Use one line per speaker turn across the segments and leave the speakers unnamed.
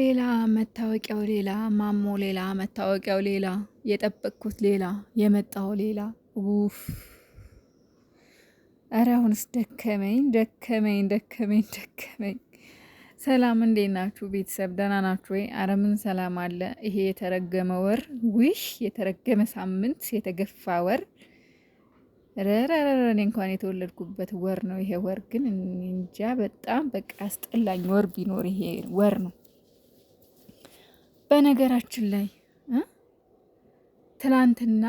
ሌላ፣ መታወቂያው ሌላ፣ ማሞ ሌላ፣ መታወቂያው ሌላ፣ የጠበቅኩት ሌላ፣ የመጣው ሌላ። ውፍ እረ አሁንስ ደከመኝ ደከመኝ ደከመኝ ደከመኝ። ሰላም እንዴት ናችሁ ቤተሰብ? ደህና ናችሁ ወይ? አረ ምን ሰላም አለ። ይሄ የተረገመ ወር ውሽ፣ የተረገመ ሳምንት፣ የተገፋ ወር ረረረረኔ እኔ እንኳን የተወለድኩበት ወር ነው ይሄ ወር። ግን እንጃ በጣም በቃ አስጠላኝ ወር ቢኖር ይሄ ወር ነው። በነገራችን ላይ ትናንትና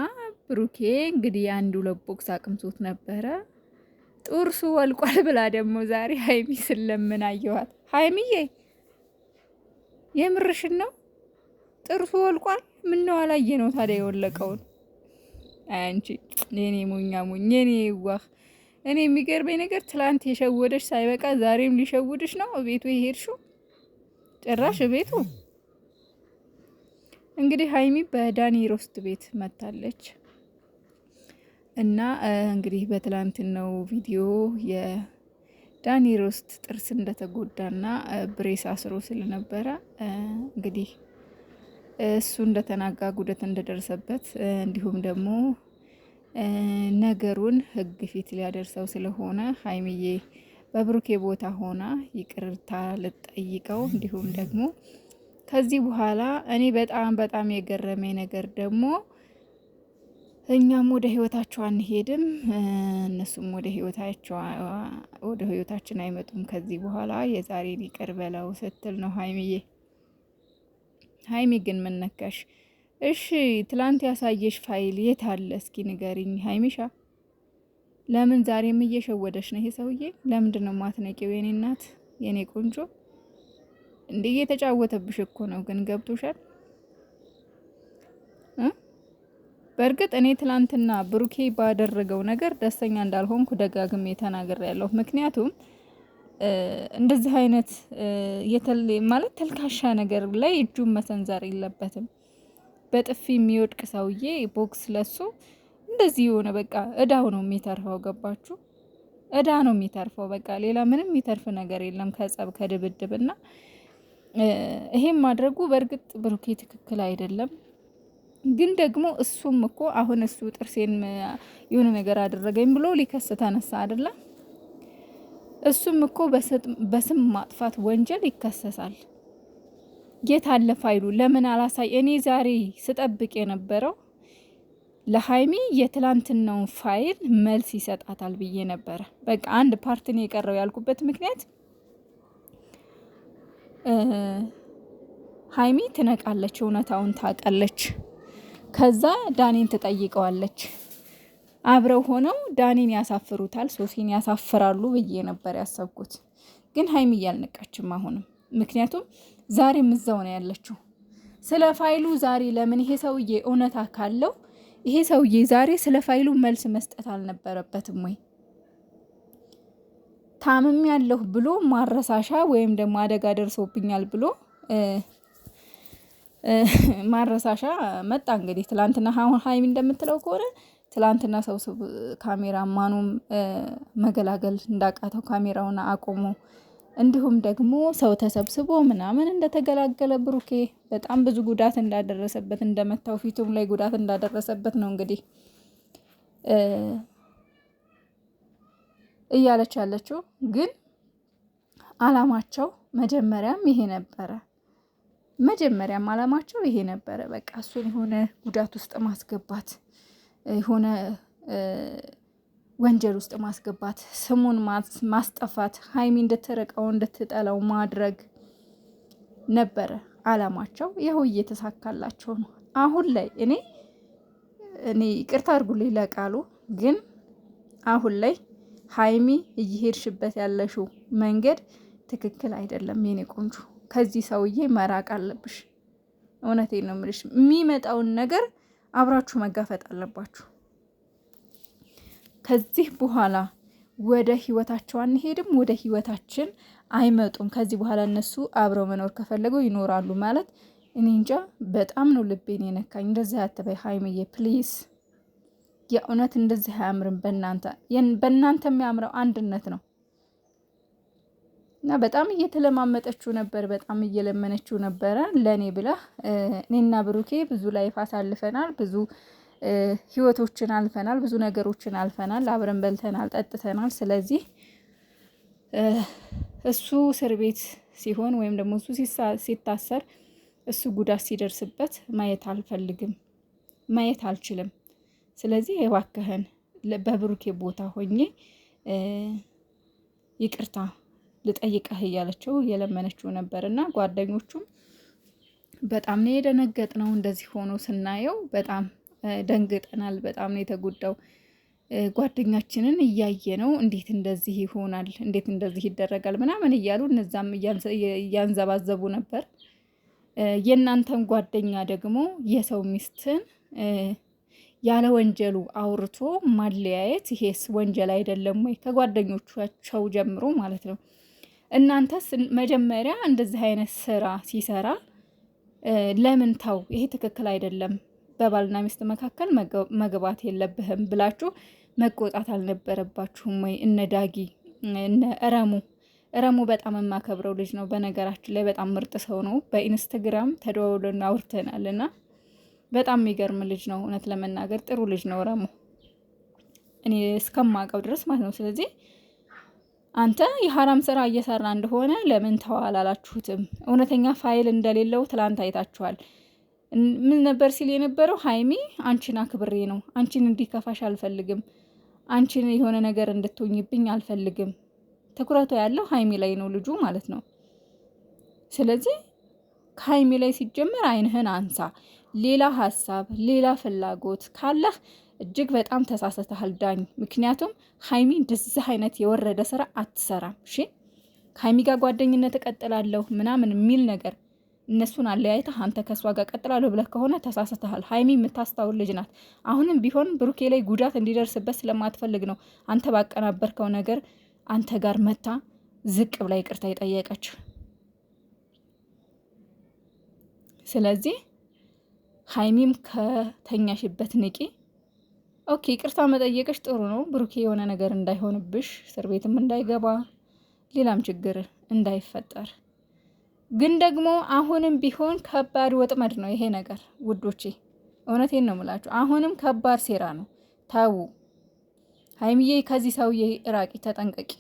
ብሩኬ እንግዲህ አንድ ሁለት ቦክስ አቅምሶት ነበረ። ጥርሱ ወልቋል ብላ ደግሞ ዛሬ ሀይሚ ስለምን አየኋት። ሀይሚዬ የምርሽን ነው? ጥርሱ ወልቋል? ምነው አላየ ነው ታዲያ የወለቀውን? አንቺ የኔ ሞኛ ሞኝ የኔ ዋህ። እኔ የሚገርመኝ ነገር ትላንት የሸወደሽ ሳይበቃ ዛሬም ሊሸውድሽ ነው። ቤቱ የሄድሽው ጭራሽ ቤቱ እንግዲህ ሀይሚ በዳኒ ሮስት ቤት መታለች እና እንግዲህ በትላንትናው ቪዲዮ የዳኒ ሮስት ጥርስ እንደተጎዳና ብሬስ አስሮ ስለነበረ እንግዲህ እሱ እንደተናጋ ጉደት እንደደረሰበት እንዲሁም ደግሞ ነገሩን ህግ ፊት ሊያደርሰው ስለሆነ ሀይሚዬ በብሩኬ ቦታ ሆና ይቅርታ ልጠይቀው እንዲሁም ደግሞ ከዚህ በኋላ እኔ በጣም በጣም የገረመኝ ነገር ደግሞ እኛም ወደ ህይወታቸው አንሄድም፣ እነሱም ወደ ህይወታቸው ወደ ህይወታችን አይመጡም ከዚህ በኋላ የዛሬን ይቅር በለው ስትል ነው ሀይሚዬ። ሀይሚ ግን ምን ነካሽ? እሺ ትላንት ያሳየሽ ፋይል የት አለ? እስኪ ንገሪኝ ሀይሚሻ። ለምን ዛሬም እየሸወደሽ ነው ይሄ ሰውዬ? ለምንድን ነው ማትነቂው? የኔ እናት፣ የኔ ቆንጆ እንዴ እየተጫወተብሽ እኮ ነው። ግን ገብቶሻል። በእርግጥ እኔ ትላንትና ብሩኬ ባደረገው ነገር ደስተኛ እንዳልሆንኩ ደጋግሜ ያለሁ ምክንያቱም እንደዚህ አይነት ማለት ተልካሻ ነገር ላይ እጁን መሰንዘር የለበትም። በጥፊ የሚወድቅ ሰውዬ ቦክስ ለሱ እንደዚህ የሆነ በቃ እዳው ነው የሚተርፈው። ገባችሁ? እዳ ነው የሚተርፈው። በቃ ሌላ ምንም የሚተርፍ ነገር የለም ከጸብ ከድብድብና። ይሄም ማድረጉ በእርግጥ ብሩኬ ትክክል አይደለም። ግን ደግሞ እሱም እኮ አሁን እሱ ጥርሴን የሆነ ነገር አደረገኝ ብሎ ሊከስ ተነሳ አይደለ? እሱም እኮ በስም ማጥፋት ወንጀል ይከሰሳል። የት አለ ፋይሉ? ለምን አላሳይ? እኔ ዛሬ ስጠብቅ የነበረው ለሀይሚ የትላንትናውን ፋይል መልስ ይሰጣታል ብዬ ነበረ። በቃ አንድ ፓርትን የቀረው ያልኩበት ምክንያት ሀይሚ ትነቃለች፣ እውነታውን ታውቃለች። ከዛ ዳኒን ትጠይቀዋለች። አብረው ሆነው ዳኒን ያሳፍሩታል፣ ሶፊን ያሳፍራሉ ብዬ ነበር ያሰብኩት። ግን ሀይሚ እያልነቃችም አሁንም፣ ምክንያቱም ዛሬ እዛው ነው ያለችው። ስለ ፋይሉ ዛሬ ለምን ይሄ ሰውዬ እውነታ ካለው ይሄ ሰውዬ ዛሬ ስለ ፋይሉ መልስ መስጠት አልነበረበትም ወይ? ታምም ያለሁ ብሎ ማረሳሻ ወይም ደግሞ አደጋ ደርሶብኛል ብሎ ማረሳሻ መጣ። እንግዲህ ትላንትና አሁን ሀይሚ እንደምትለው ከሆነ ትላንትና ሰው ካሜራ ማኑም መገላገል እንዳቃተው ካሜራውን አቆሞ እንዲሁም ደግሞ ሰው ተሰብስቦ ምናምን እንደተገላገለ ብሩኬ በጣም ብዙ ጉዳት እንዳደረሰበት እንደመታው ፊቱም ላይ ጉዳት እንዳደረሰበት ነው እንግዲህ እያለች ያለችው ግን አላማቸው መጀመሪያም ይሄ ነበረ። መጀመሪያም አላማቸው ይሄ ነበረ። በቃ እሱን የሆነ ጉዳት ውስጥ ማስገባት፣ የሆነ ወንጀል ውስጥ ማስገባት፣ ስሙን ማስጠፋት፣ ሀይሚ እንድትርቀው እንድትጠላው ማድረግ ነበረ አላማቸው። ይኸው እየተሳካላቸው ነው። አሁን ላይ እኔ እኔ ይቅርታ አድርጉልኝ ለቃሉ ግን አሁን ላይ ሀይሚ እየሄድሽበት ያለሽው መንገድ ትክክል አይደለም የኔ ቆንጆ። ከዚህ ሰውዬ መራቅ አለብሽ። እውነቴን ነው የምልሽ። የሚመጣውን ነገር አብራችሁ መጋፈጥ አለባችሁ። ከዚህ በኋላ ወደ ህይወታቸው አንሄድም፣ ወደ ህይወታችን አይመጡም። ከዚህ በኋላ እነሱ አብረው መኖር ከፈለጉ ይኖራሉ ማለት እኔ እንጃ። በጣም ነው ልቤን የነካኝ። እንደዚህ አትበይ ሀይሚዬ ፕሊዝ። የእውነት እንደዚህ አያምርም። በእናንተ በእናንተ የሚያምረው አንድነት ነው እና በጣም እየተለማመጠችው ነበር፣ በጣም እየለመነችው ነበረ ለእኔ ብላ። እኔና ብሩኬ ብዙ ላይፍ አሳልፈናል፣ ብዙ ህይወቶችን አልፈናል፣ ብዙ ነገሮችን አልፈናል፣ አብረን በልተናል፣ ጠጥተናል። ስለዚህ እሱ እስር ቤት ሲሆን ወይም ደግሞ እሱ ሲታሰር እሱ ጉዳት ሲደርስበት ማየት አልፈልግም፣ ማየት አልችልም። ስለዚህ የባክህን በብሩኬ ቦታ ሆኜ ይቅርታ ልጠይቀህ እያለችው እየለመነችው ነበር እና ጓደኞቹም በጣም ነው የደነገጥ ነው። እንደዚህ ሆኖ ስናየው በጣም ደንግጠናል። በጣም ነው የተጎዳው። ጓደኛችንን እያየ ነው እንዴት እንደዚህ ይሆናል፣ እንዴት እንደዚህ ይደረጋል ምናምን እያሉ እነዛም እያንዘባዘቡ ነበር። የእናንተን ጓደኛ ደግሞ የሰው ሚስትን ያለ ወንጀሉ አውርቶ ማለያየት ይሄስ ወንጀል አይደለም ወይ? ከጓደኞቻቸው ጀምሮ ማለት ነው። እናንተስ መጀመሪያ እንደዚህ አይነት ስራ ሲሰራ ለምን ተው፣ ይሄ ትክክል አይደለም፣ በባልና ሚስት መካከል መግባት የለብህም ብላችሁ መቆጣት አልነበረባችሁም ወይ? እነ ዳጊ እነ እረሙ እረሙ በጣም የማከብረው ልጅ ነው። በነገራችን ላይ በጣም ምርጥ ሰው ነው። በኢንስታግራም ተደዋውለን አውርተናል እና በጣም የሚገርም ልጅ ነው። እውነት ለመናገር ጥሩ ልጅ ነው ረሙ እኔ እስከማውቀው ድረስ ማለት ነው። ስለዚህ አንተ የሀራም ስራ እየሰራ እንደሆነ ለምን ተዋል አላችሁትም? እውነተኛ ፋይል እንደሌለው ትላንት አይታችኋል። ምን ነበር ሲል የነበረው ሀይሚ አንቺን አክብሬ ነው፣ አንቺን እንዲከፋሽ አልፈልግም፣ አንቺን የሆነ ነገር እንድትሆኝብኝ አልፈልግም። ትኩረቱ ያለው ሀይሚ ላይ ነው ልጁ ማለት ነው። ስለዚህ ከሀይሚ ላይ ሲጀመር አይንህን አንሳ። ሌላ ሀሳብ፣ ሌላ ፍላጎት ካለህ እጅግ በጣም ተሳስተሃል ዳኝ። ምክንያቱም ሀይሚ እንደዚህ አይነት የወረደ ስራ አትሰራም። እሺ ከሀይሚ ጋር ጓደኝነት እቀጥላለሁ ምናምን የሚል ነገር እነሱን አለያይተህ አንተ ከእሷ ጋር ቀጥላለሁ ብለህ ከሆነ ተሳስተሃል። ሀይሚ የምታስታውል ልጅ ናት። አሁንም ቢሆን ብሩኬ ላይ ጉዳት እንዲደርስበት ስለማትፈልግ ነው አንተ ባቀናበርከው ነገር አንተ ጋር መታ ዝቅ ብላ ይቅርታ የጠየቀችው። ስለዚህ ሀይሚም ከተኛሽበት ንቂ። ኦኬ ቅርታ መጠየቅሽ ጥሩ ነው። ብሩኬ የሆነ ነገር እንዳይሆንብሽ፣ እስር ቤትም እንዳይገባ፣ ሌላም ችግር እንዳይፈጠር። ግን ደግሞ አሁንም ቢሆን ከባድ ወጥመድ ነው ይሄ ነገር ውዶቼ፣ እውነቴን ነው ምላችሁ አሁንም ከባድ ሴራ ነው። ታው ሀይሚዬ፣ ከዚህ ሰውዬ ራቂ፣ ተጠንቀቂ።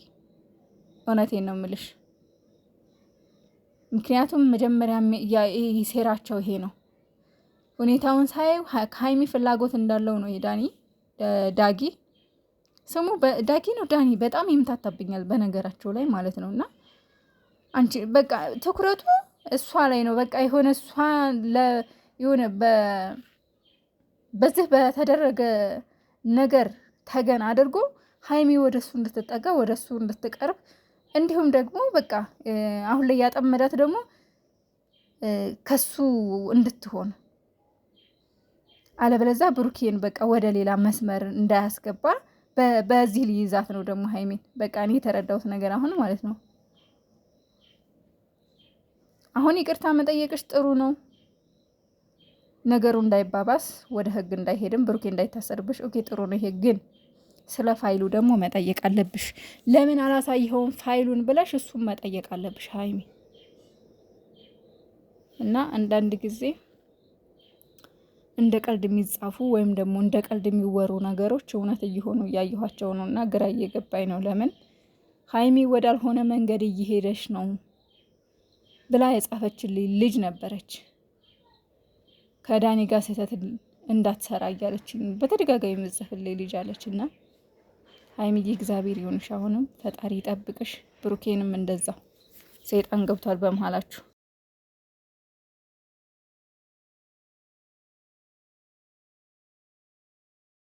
እውነቴን ነው ምልሽ። ምክንያቱም መጀመሪያ ሴራቸው ይሄ ነው። ሁኔታውን ሳየው ከሀይሚ ፍላጎት እንዳለው ነው የዳኒ ዳጊ ስሙ ዳጊ ነው። ዳኒ በጣም ይምታታብኛል በነገራቸው ላይ ማለት ነው። እና አንቺ በቃ ትኩረቱ እሷ ላይ ነው። በቃ የሆነ እሷ ለሆነ በዚህ በተደረገ ነገር ተገን አድርጎ ሀይሚ ወደ እሱ እንድትጠጋ ወደ እሱ እንድትቀርብ እንዲሁም ደግሞ በቃ አሁን ላይ ያጠመዳት ደግሞ ከሱ እንድትሆን አለበለዛ ብሩኬን በቃ ወደ ሌላ መስመር እንዳያስገባ በዚህ ልይዛት ነው ደግሞ ሀይሜን በቃ እኔ የተረዳሁት ነገር አሁን ማለት ነው። አሁን ይቅርታ መጠየቅሽ ጥሩ ነው። ነገሩ እንዳይባባስ ወደ ህግ እንዳይሄድም ብሩኬ እንዳይታሰርብሽ ኦኬ፣ ጥሩ ነው ይሄ ግን ስለ ፋይሉ ደግሞ መጠየቅ አለብሽ። ለምን አላሳይኸውም ፋይሉን ብለሽ እሱም መጠየቅ አለብሽ ሀይሚ። እና አንዳንድ ጊዜ እንደ ቀልድ የሚጻፉ ወይም ደግሞ እንደ ቀልድ የሚወሩ ነገሮች እውነት እየሆኑ እያየኋቸው ነው እና ግራ እየገባኝ ነው። ለምን ሀይሚ ወዳልሆነ መንገድ እየሄደች ነው ብላ የጻፈችልኝ ልጅ ነበረች ከዳኒ ጋር ስህተት እንዳትሰራ እያለች በተደጋጋሚ የምጽፍልኝ ልጅ አለች እና ሀይሚዬ እግዚአብሔር ይሁንሽ። አሁንም ፈጣሪ ይጠብቅሽ። ብሩኬንም እንደዛው ሰይጣን ገብቷል በመሀላችሁ።